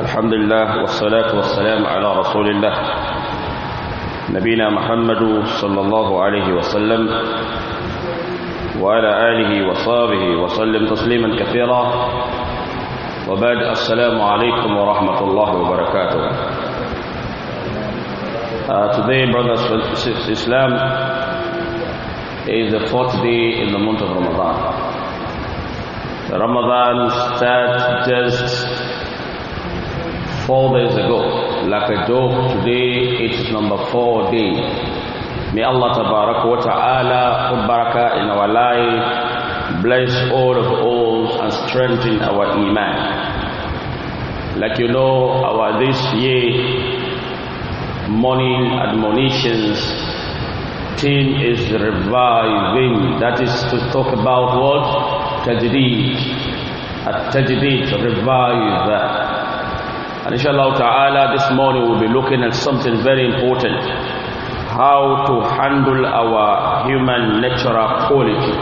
الحمد لله والصلاة والسلام على رسول الله نبينا محمد صلى الله عليه وسلم وعلى آله وصحبه وسلم تسليما كثيرا وبعد السلام عليكم ورحمة الله وبركاته uh, Today brothers Islam is the fourth day in the month of Ramadan Ramadan starts just four days ago. Like a joke, today it's number four day. May Allah tabarak wa ta'ala put barakah in our life, bless all of us and strengthen our iman. Like you know, our this year morning admonitions team is reviving. That is to talk about what? Tajdeed. At Tajdeed, revive and inshallah ta'ala, this morning we'll be looking at something very important how to handle our human natural quality.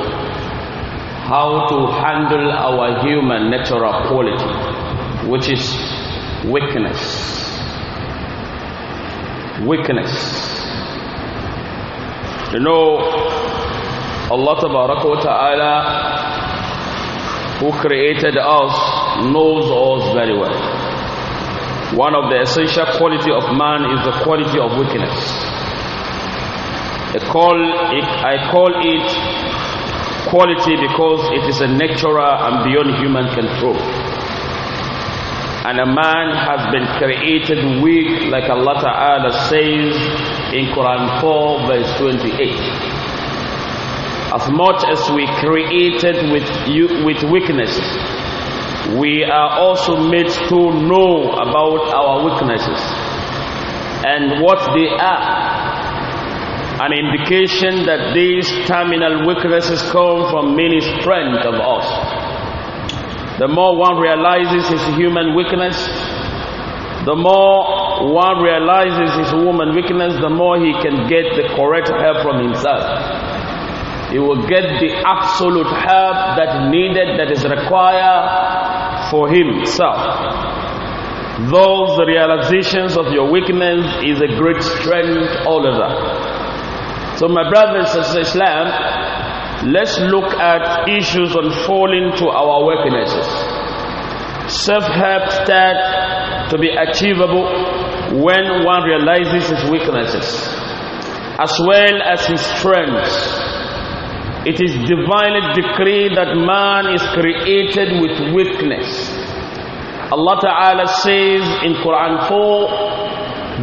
How to handle our human natural quality, which is weakness. Weakness. You know, Allah Ta'ala, who created us, knows us very well. One of the essential quality of man is the quality of weakness. I call it, I call it quality because it is a natural and beyond human control. And a man has been created weak, like Allah Ta'ala says in Quran 4, verse 28 as much as we created with you, with weaknesses we are also made to know about our weaknesses and what they are. An indication that these terminal weaknesses come from many strengths of us. The more one realizes his human weakness, the more one realizes his woman weakness, the more he can get the correct help from himself he will get the absolute help that needed, that is required for himself. Those realizations of your weakness is a great strength, all over. So, my brothers and sisters, Islam, let's look at issues unfolding to our weaknesses. Self help start to be achievable when one realizes his weaknesses as well as his strengths. It is divinely decreed that man is created with weakness. Allah Ta'ala says in Quran 4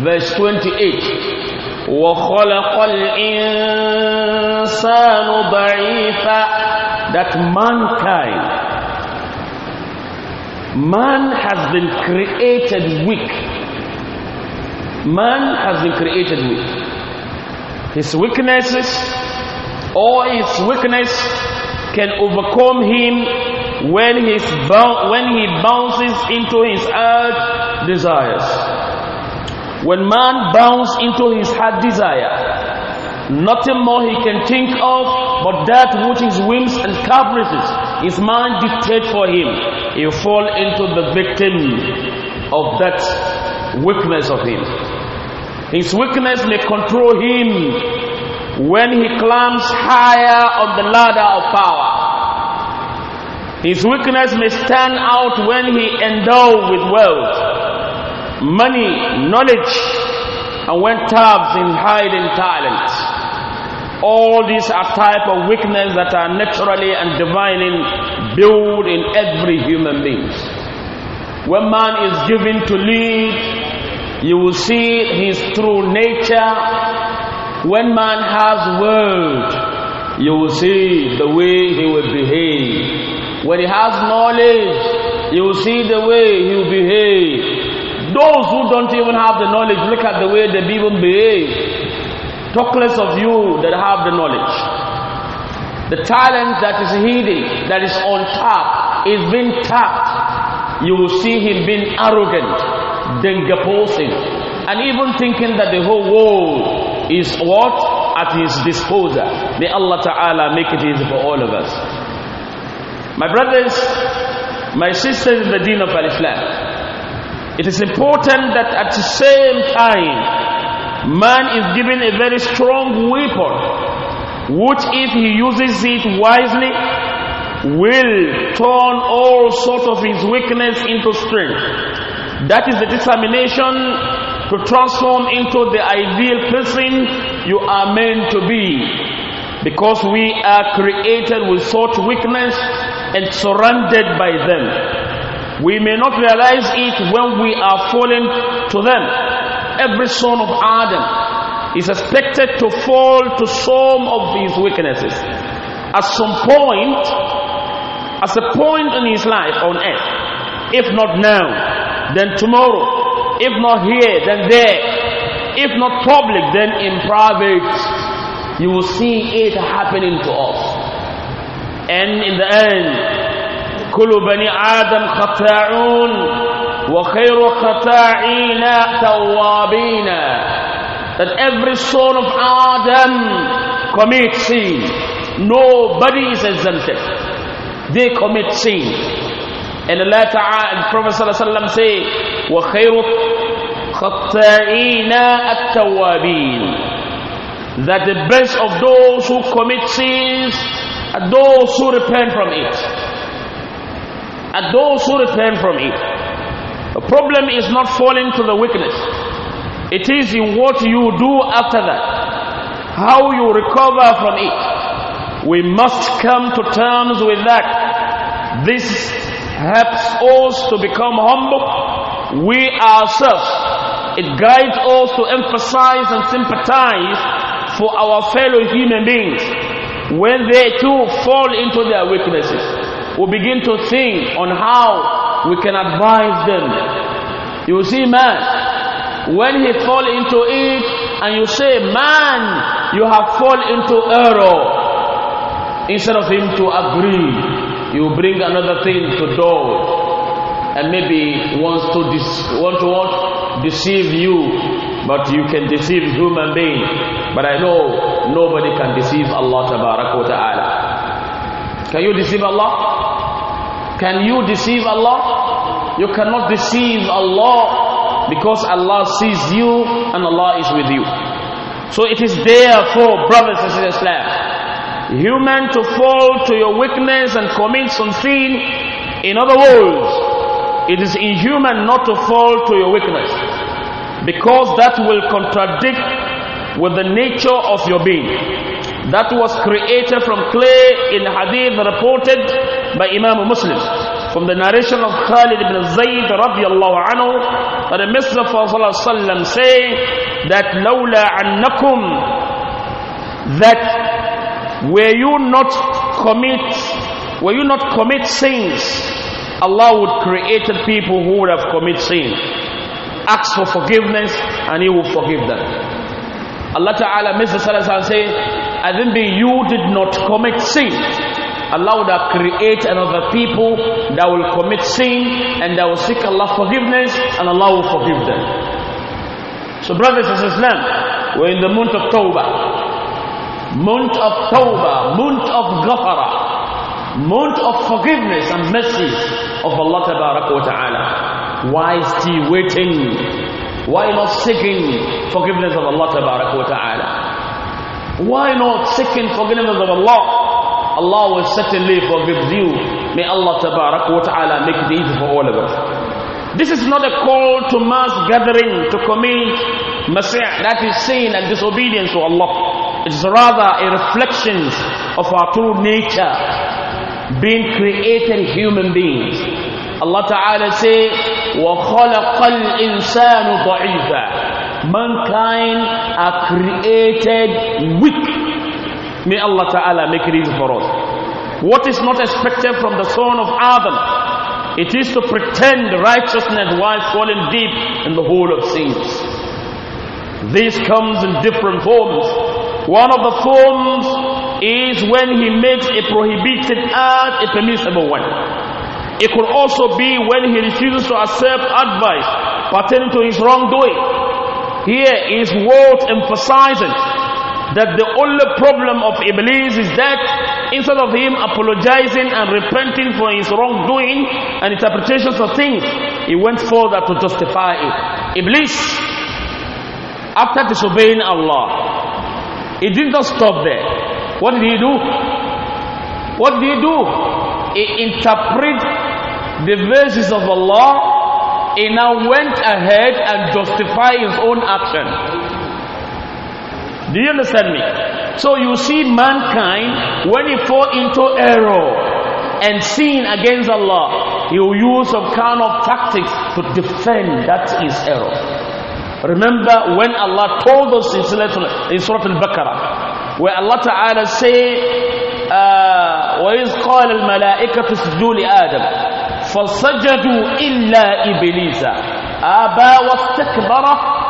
verse 28 وَخَلَقَ الْإِنسَانُ ضَعِيفًا That mankind man has been created weak man has been created weak his weaknesses or his weakness can overcome him when, when he bounces into his hard desires. When man bounces into his hard desire, nothing more he can think of but that which his whims and caprices, his mind dictate for him. He will fall into the victim of that weakness of him. His weakness may control him when he climbs higher on the ladder of power. His weakness may stand out when he endows with wealth, money, knowledge, and when tabs in hiding talent. All these are type of weakness that are naturally and divinely built in every human being. When man is given to lead, you will see his true nature when man has word, you will see the way he will behave. When he has knowledge, you will see the way he will behave. Those who don't even have the knowledge, look at the way they even behave. Talk less of you that have the knowledge. The talent that is hidden, that is on tap, is being tapped. You will see him being arrogant, then deposing, and even thinking that the whole world is what? At his disposal. May Allah Ta'ala make it easy for all of us. My brothers, my sisters in the deen of Al-Islam, it is important that at the same time, man is given a very strong weapon, which if he uses it wisely, will turn all sorts of his weakness into strength. That is the determination to transform into the ideal person you are meant to be. Because we are created with such weakness and surrounded by them. We may not realize it when we are falling to them. Every son of Adam is expected to fall to some of these weaknesses. At some point, as a point in his life on earth, if not now, then tomorrow, if not here, then there. If not public, then in private. You will see it happening to us. And in the end, كل بني آدم خطاعون وخير خطاعين توابين That every son of Adam commits sin. Nobody is exempted. They commit sin. And the Ta'ala and Prophet Sallallahu say, وخير الخطائين التوابين that the best of those who commit sins are those who repent from it are those who repent from it the problem is not falling to the weakness it is in what you do after that how you recover from it we must come to terms with that this helps us to become humble we ourselves, it guides us to emphasize and sympathize for our fellow human beings when they too fall into their weaknesses. We begin to think on how we can advise them. You see, man, when he fall into it, and you say, man, you have fall into error. Instead of him to agree, you bring another thing to doubt and maybe wants to want to deceive you but you can deceive human being but I know nobody can deceive Allah ta'ala can you deceive Allah can you deceive Allah you cannot deceive Allah because Allah sees you and Allah is with you so it is therefore brothers and sisters Islam human to fall to your weakness and commit some sin in other words it is inhuman not to fall to your weakness because that will contradict with the nature of your being. That was created from clay in hadith reported by Imam Muslim from the narration of Khalid ibn Zayd radiallahu anhu that the Messenger of Allah say that lawla annakum that were you not commit were you not commit sins Allah would create people who would have committed sin. Ask for forgiveness and He will forgive them. Allah Ta'ala makes the Salaam say, I think you did not commit sin. Allah would have created another people that will commit sin and that will seek Allah's forgiveness and Allah will forgive them. So, brothers and sisters, we're in the month of Tawbah. Month of Tawbah, month of Ghafara. Mount of forgiveness and mercy of Allah Ta'ala. Why still waiting? Why not seeking forgiveness of Allah Ta'ala? Why not seeking forgiveness of Allah? Allah will certainly forgive you. May Allah Ta'ala make it easy for all of us. This is not a call to mass gathering to commit masih, that is sin and disobedience to Allah. It's rather a reflection of our true nature being created human beings. Allah Ta'ala say, وَخَلَقَ الْإِنسَانُ ضَعِيفًا Mankind are created weak. May Allah Ta'ala make it easy for us. What is not expected from the son of Adam? It is to pretend righteousness while falling deep in the hole of sins. This comes in different forms. One of the forms is when he makes a prohibited act a permissible one. It could also be when he refuses to accept advice pertaining to his wrongdoing. Here is worth emphasizing that the only problem of Iblis is that instead of him apologizing and repenting for his wrongdoing and interpretations of things, he went further to justify it. Iblis, after disobeying Allah, he didn't just stop there. What did he do? What did he do? He interpreted the verses of Allah. He now went ahead and justified his own action. Do you understand me? So you see mankind, when he fall into error and sin against Allah, he will use some kind of tactics to defend that is error. Remember when Allah told us in Surah Al-Baqarah, where Allah Ta'ala say uh, وإذ قال الملائكة اسجدوا لآدم فسجدوا إلا إبليس أبى واستكبر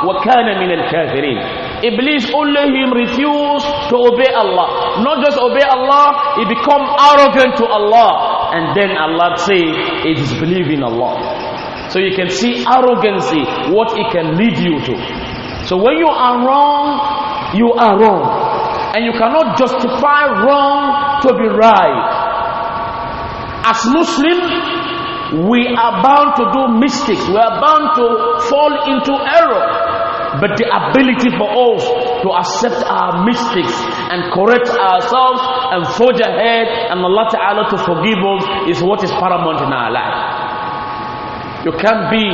وكان من الكافرين Iblis only him refused to obey Allah not just obey Allah he become arrogant to Allah and then Allah say it is believing Allah so you can see arrogancy what it can lead you to so when you are wrong you are wrong and you cannot justify wrong to be right. As Muslims, we are bound to do mistakes. We are bound to fall into error. But the ability for us to accept our mistakes and correct ourselves and forge ahead and Allah Ta'ala to forgive us is what is paramount in our life. You can't be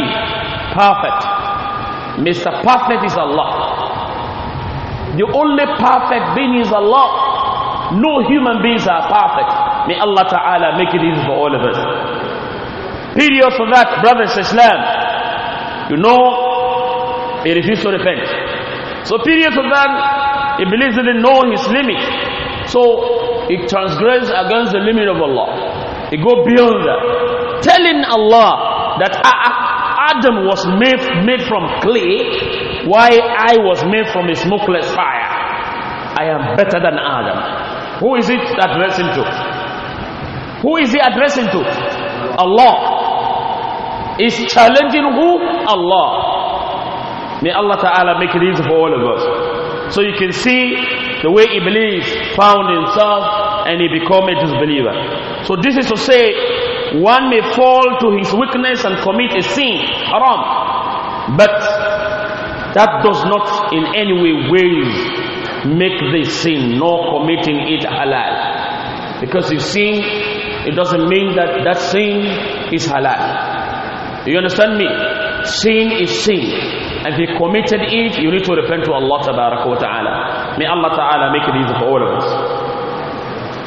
perfect. Mr. Perfect is Allah. The only perfect being is Allah. No human beings are perfect. May Allah Ta'ala make it easy for all of us. Period for that, brothers Islam. You know, he refused to repent. So period for that, he believes he didn't know his limit. So he transgressed against the limit of Allah. He go beyond that. Telling Allah that ah, ah, Adam was made, made from clay why I was made from a smokeless fire. I am better than Adam. Who is it addressing to? Who is he addressing to? Allah. Is challenging who? Allah. May Allah Ta'ala make it easy for all of us. So you can see the way Iblis found himself and he become a disbeliever. So this is to say one may fall to his weakness and commit a sin, haram. But that does not in any way ways make the sin nor committing it halal. Because you sin, it doesn't mean that that sin is halal. Do you understand me? Sin is sin. And if you committed it, you need to repent to Allah wa ta'ala. May Allah ta'ala make it easy for all of us.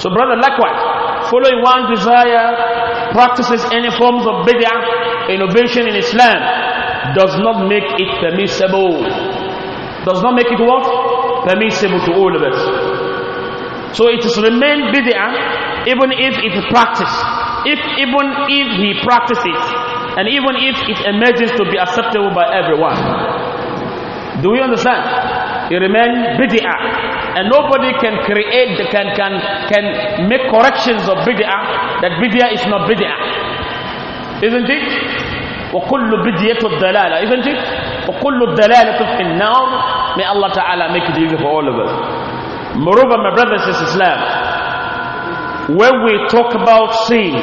So brother, likewise, following one desire practices any forms of bid'ah, innovation in Islam, does not make it permissible. Does not make it what? Permissible to all of us. So it is remain bid'ah even if it is practiced. If even if he practices and even if it emerges to be acceptable by everyone. Do we understand? It remains bid'ah and nobody can create can can can make corrections of bid'ah that bid'ah is not bid'ah. Isn't it? وكل بدية الدلالة isn't it وكل الدلالة في النار may Allah Ta'ala make it easy for all of us moreover my brothers and sisters Islam when we talk about sin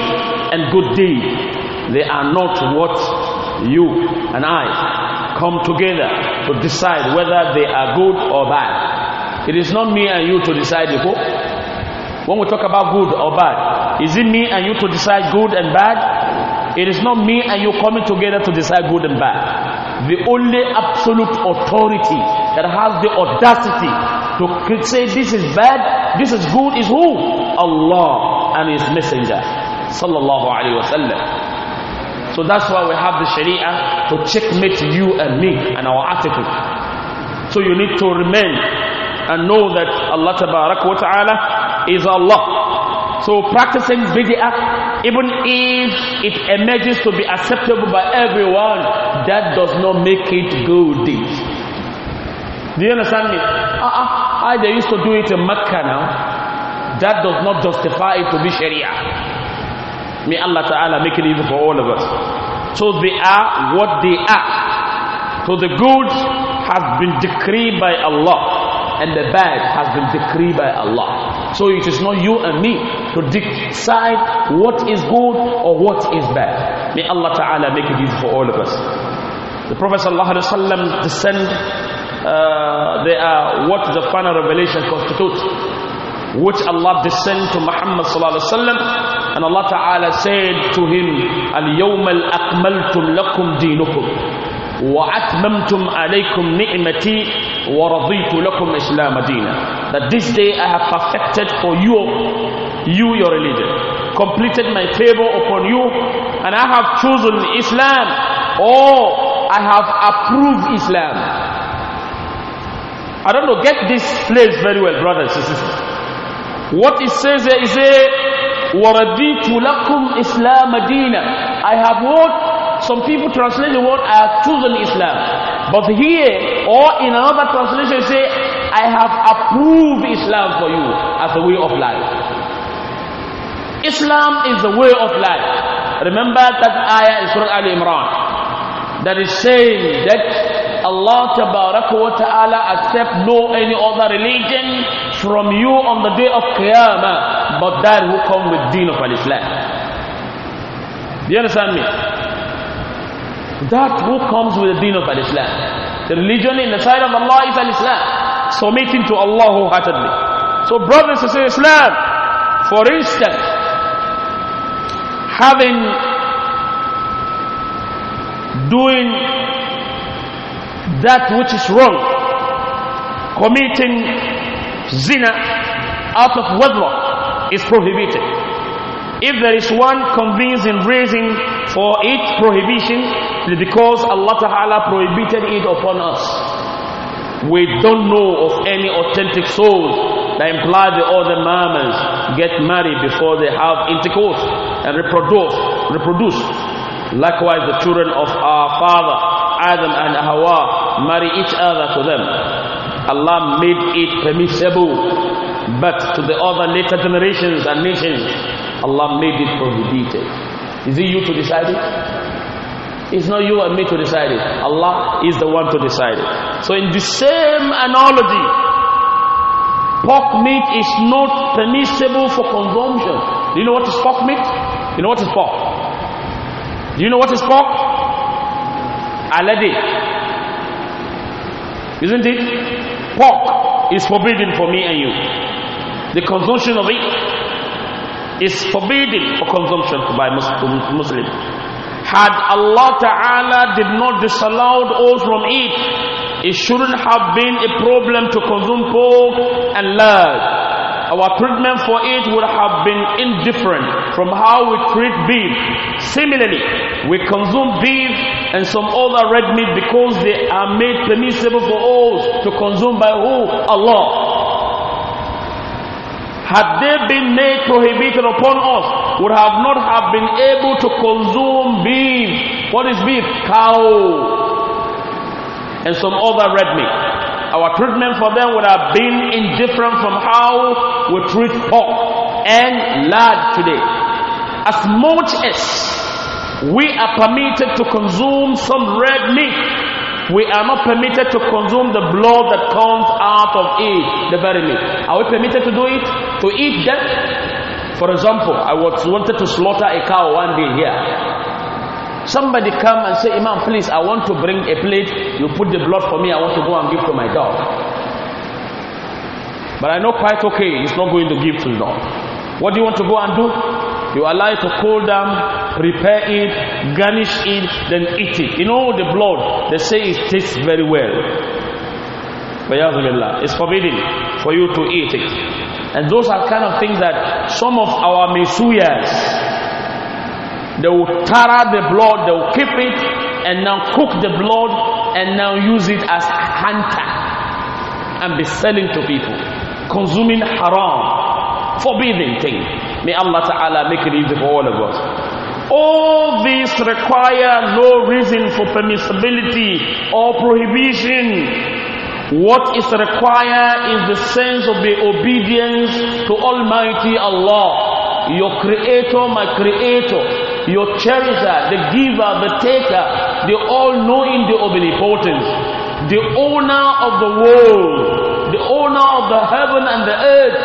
and good deed they are not what you and I come together to decide whether they are good or bad it is not me and you to decide before when we talk about good or bad is it me and you to decide good and bad it is not me and you coming together to decide good and bad. The only absolute authority that has the audacity to say this is bad, this is good is who? Allah and His Messenger. Sallallahu Alaihi Wasallam. So that's why we have the Sharia to checkmate you and me and our attitude. So you need to remain and know that Allah Ta'ala is Allah. So practicing bid'ah even if it emerges to be acceptable by everyone, that does not make it good. Do you understand me? Uh, uh, I, they used to do it in Mecca now. That does not justify it to be Sharia. May Allah Ta'ala make it easy for all of us. So they are what they are. So the good has been decreed by Allah and the bad has been decreed by Allah. So it is not you and me to decide what is good or what is bad. May Allah Ta'ala make it easy for all of us. The Prophet Sallallahu Alaihi Wasallam descend, uh, they are what the final revelation constitutes, which Allah descend to Muhammad Sallallahu Alaihi Wasallam, and Allah Ta'ala said to him, اليوم أكملتم لكم دينكم وأتممتم عليكم نعمتي ورضيت لكم إسلام دينا That this day I have perfected for you you your religion completed my favor upon you and I have chosen Islam or I have approved Islam I don't know get this place very well brothers and sisters what it says there is a وَرَدِيتُ لَكُمْ إِسْلَامَ دِينًا I have what? Some people translate the word I have chosen Islam. But here or in another translation say I have approved Islam for you as a way of life. Islam is the way of life. Remember that ayah in Surah Al Imran that is saying that Allah Ta'ala accept no any other religion from you on the day of Qiyamah but that who come with deen of Al-Islam. Do you understand me? That who comes with the deen of Al-Islam. The religion in the sight of Allah is Al-Islam. Submitting to Allah wholeheartedly. So brothers and sisters, Islam, for instance, having, doing that which is wrong, committing zina out of wedlock is prohibited. If there is one convincing reason for its prohibition, it is because Allah Ta'ala prohibited it upon us. We don't know of any authentic soul that imply that all the get married before they have intercourse and reproduce. reproduce. Likewise, the children of our father, Adam and Hawa, marry each other to them. Allah made it permissible, but to the other later generations and nations, Allah made it prohibited. Is it you to decide it? It's not you and me to decide it. Allah is the one to decide it. So, in the same analogy, Pork meat is not permissible for consumption. Do you know what is pork meat? Do you know what is pork? Do you know what is pork? Alade. Isn't it? Pork is forbidden for me and you. The consumption of it is forbidden for consumption by Muslim. Had Allah Ta'ala did not disallowed us from it, it shouldn't have been a problem to consume pork and lard. Our treatment for it would have been indifferent from how we treat beef. Similarly, we consume beef and some other red meat because they are made permissible for us to consume by who? Allah. Had they been made prohibited upon us, would have not have been able to consume beef. What is beef? Cow and some other red meat. Our treatment for them would have been indifferent from how we treat pork and lard today. As much as we are permitted to consume some red meat, we are not permitted to consume the blood that comes out of it, the very meat. Are we permitted to do it? To eat them? For example, I was wanted to slaughter a cow one day here. Somebody come and say, Imam, please, I want to bring a plate. You put the blood for me. I want to go and give to my dog. But I know quite okay, he's not going to give to the dog. What do you want to go and do? You allow it to cool down, prepare it, garnish it, then eat it. You know the blood, they say it tastes very well. It's forbidden for you to eat it. And those are kind of things that some of our mesuyas, they will tara the blood, they will keep it, and now cook the blood, and now use it as a hunter and be selling to people, consuming haram, forbidden thing. May Allah Ta'ala make it easy for all of us. All these require no reason for permissibility or prohibition. What is required is the sense of the obedience to Almighty Allah, your Creator, my Creator your cherisher, the giver, the taker, the all knowing, the omnipotent, the owner of the world, the owner of the heaven and the earth,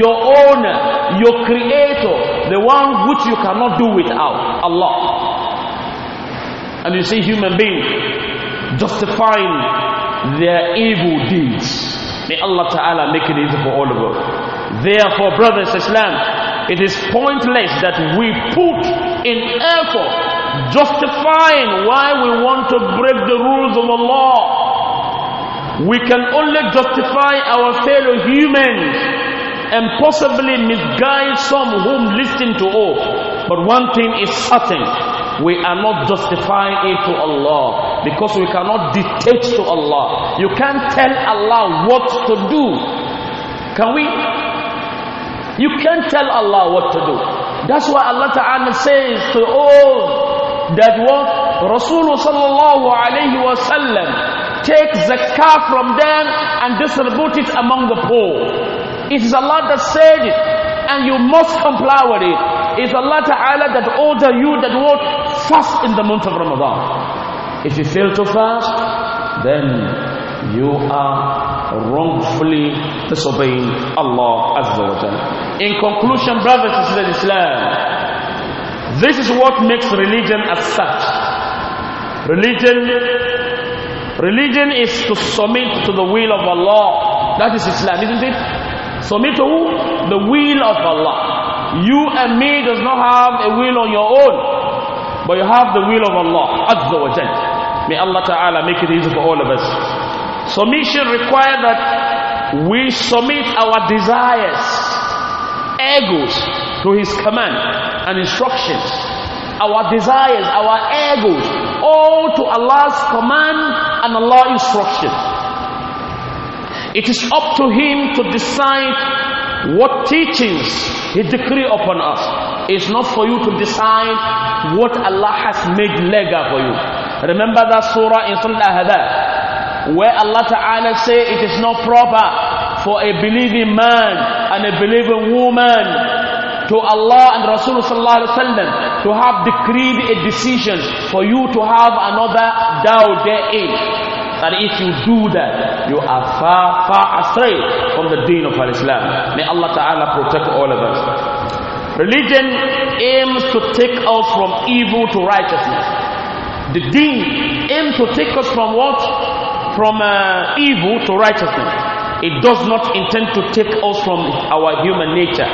your owner, your creator, the one which you cannot do without, Allah. And you see human beings justifying their evil deeds. May Allah Ta'ala make it easy for all of us. Therefore, brothers Islam, it is pointless that we put in effort justifying why we want to break the rules of Allah. We can only justify our fellow humans and possibly misguide some whom listen to us. But one thing is certain we are not justifying it to Allah because we cannot dictate to Allah. You can't tell Allah what to do. Can we? You can't tell Allah what to do. That's why Allah Ta'ala says to all that what Rasulullah sallallahu alayhi wasallam take zakah from them and distribute it among the poor. It is Allah that said it and you must comply with it. It's Allah Ta'ala that order you that what fast in the month of Ramadan. If you fail to fast, then you are wrongfully disobeying Allah Azza wa Jalla. In conclusion, brothers and sisters in Islam, this is what makes religion as such. Religion, religion is to submit to the will of Allah. That is Islam, isn't it? Submit to who? The will of Allah. You and me does not have a will on your own, but you have the will of Allah Azza wa Jalla. May Allah Ta'ala make it easy for all of us. Submission requires that we submit our desires, egos, to His command and instructions. Our desires, our egos, all to Allah's command and Allah's instruction. It is up to Him to decide what teachings He decree upon us. It's not for you to decide what Allah has made legal for you. Remember that surah in Surah Al-Ahzab where Allah Ta'ala say it is not proper for a believing man and a believing woman to Allah and Rasulullah Sallallahu Alaihi Wasallam to have decreed a decision for you to have another doubt therein. That if you do that, you are far, far astray from the deen of Islam. May Allah Ta'ala protect all of us. Religion aims to take us from evil to righteousness. The deen aims to take us from what? from uh, evil to righteousness. It does not intend to take us from our human nature,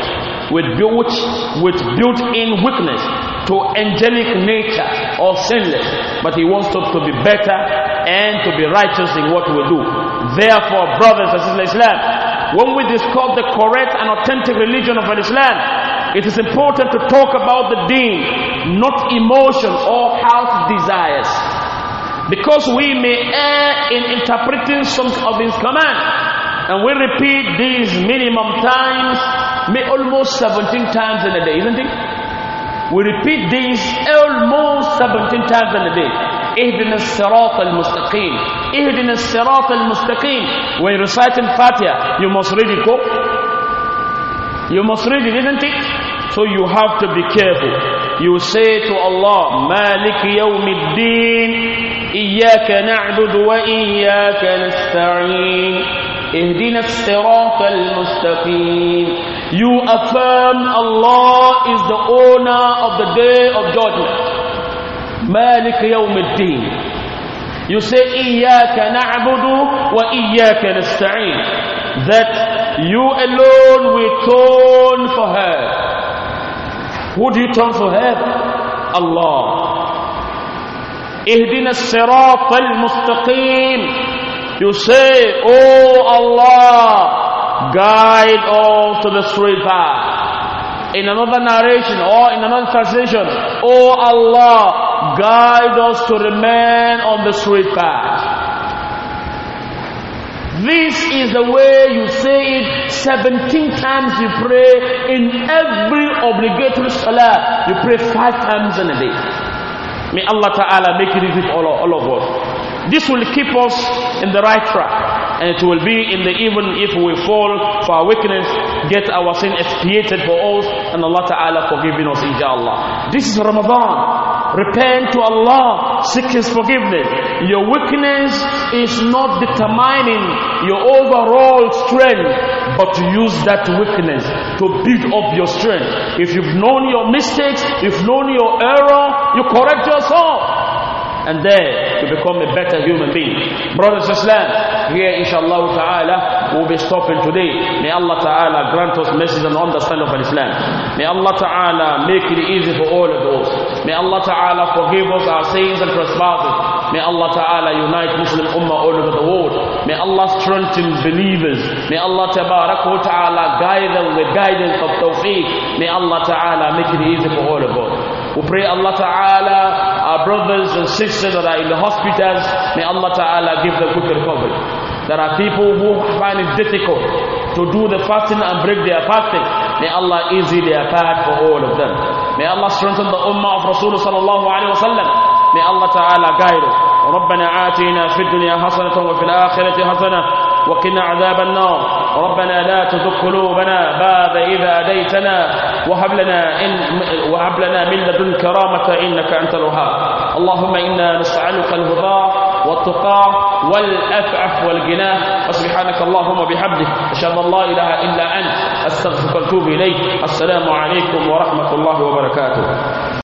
with built, with built-in weakness, to angelic nature or sinless. But He wants us to be better and to be righteous in what we do. Therefore, brothers and sisters Islam, when we discuss the correct and authentic religion of Islam, it is important to talk about the deen, not emotion or house desires because we may err in interpreting some of his command and we repeat these minimum times may almost 17 times in a day isn't it we repeat these almost 17 times in a day اهدنا الصراط المستقيم اهدنا الصراط المستقيم when reciting Fatiha you must read it you must read it isn't it so you have to be careful you say to Allah مالك يوم الدين إياك نعبد وإياك نستعين اهدنا الصراط المستقيم You affirm Allah is the owner of the day of judgment مالك يوم الدين You say إياك نعبد وإياك نستعين That you alone we turn for help Who do you turn for help? Allah اهدنا الصراط المستقيم You say, Oh Allah, guide all to the straight path. In another narration or in another translation, Oh Allah, guide us to remain on the straight path. This is the way you say it 17 times you pray in every obligatory salah. You pray five times in a day. May Allah Ta'ala make it easy for all, all of us. This will keep us in the right track. And it will be in the even if we fall for our weakness, get our sin expiated for us, and Allah Ta'ala forgiving us, inshallah. This is Ramadan. Repent to Allah. Seek His forgiveness. Your weakness is not determining your overall strength, but use that weakness to build up your strength. If you've known your mistakes, if you've known your error, you correct yourself and there to become a better human being. Brothers and Islam. here inshallah ta'ala we'll be stopping today. May Allah ta'ala grant us message and understanding of Islam. May Allah ta'ala make it easy for all of us. May Allah ta'ala forgive us our sins and trespasses. May Allah Ta'ala unite Muslim Ummah all over the world. May Allah strengthen believers. May Allah Ta'ala guide them with guidance of tawfiq. May Allah Ta'ala make it easy for all of us. We pray Allah Ta'ala our brothers and sisters that are in the hospitals, may Allah Ta'ala give them quick recovery. There are people who find it difficult to do the fasting and break their fasting. May Allah easy their path for all of them. May Allah strengthen the ummah of Rasulullah sallallahu Alaihi Wasallam. May Allah Ta'ala guide us. ربنا آتنا في الدنيا حسنة وفي الآخرة حسنة وقنا عذاب النار ربنا لا تزغ قلوبنا بعد إذا هديتنا وهب لنا إن وهب لنا من لدنك كرامة إنك أنت الوهاب اللهم إنا نسألك الهدى والتقى والأفعف والغنى وسبحانك اللهم وبحمدك أشهد أن لا إله إلا أنت أستغفرك وأتوب إليك السلام عليكم ورحمة الله وبركاته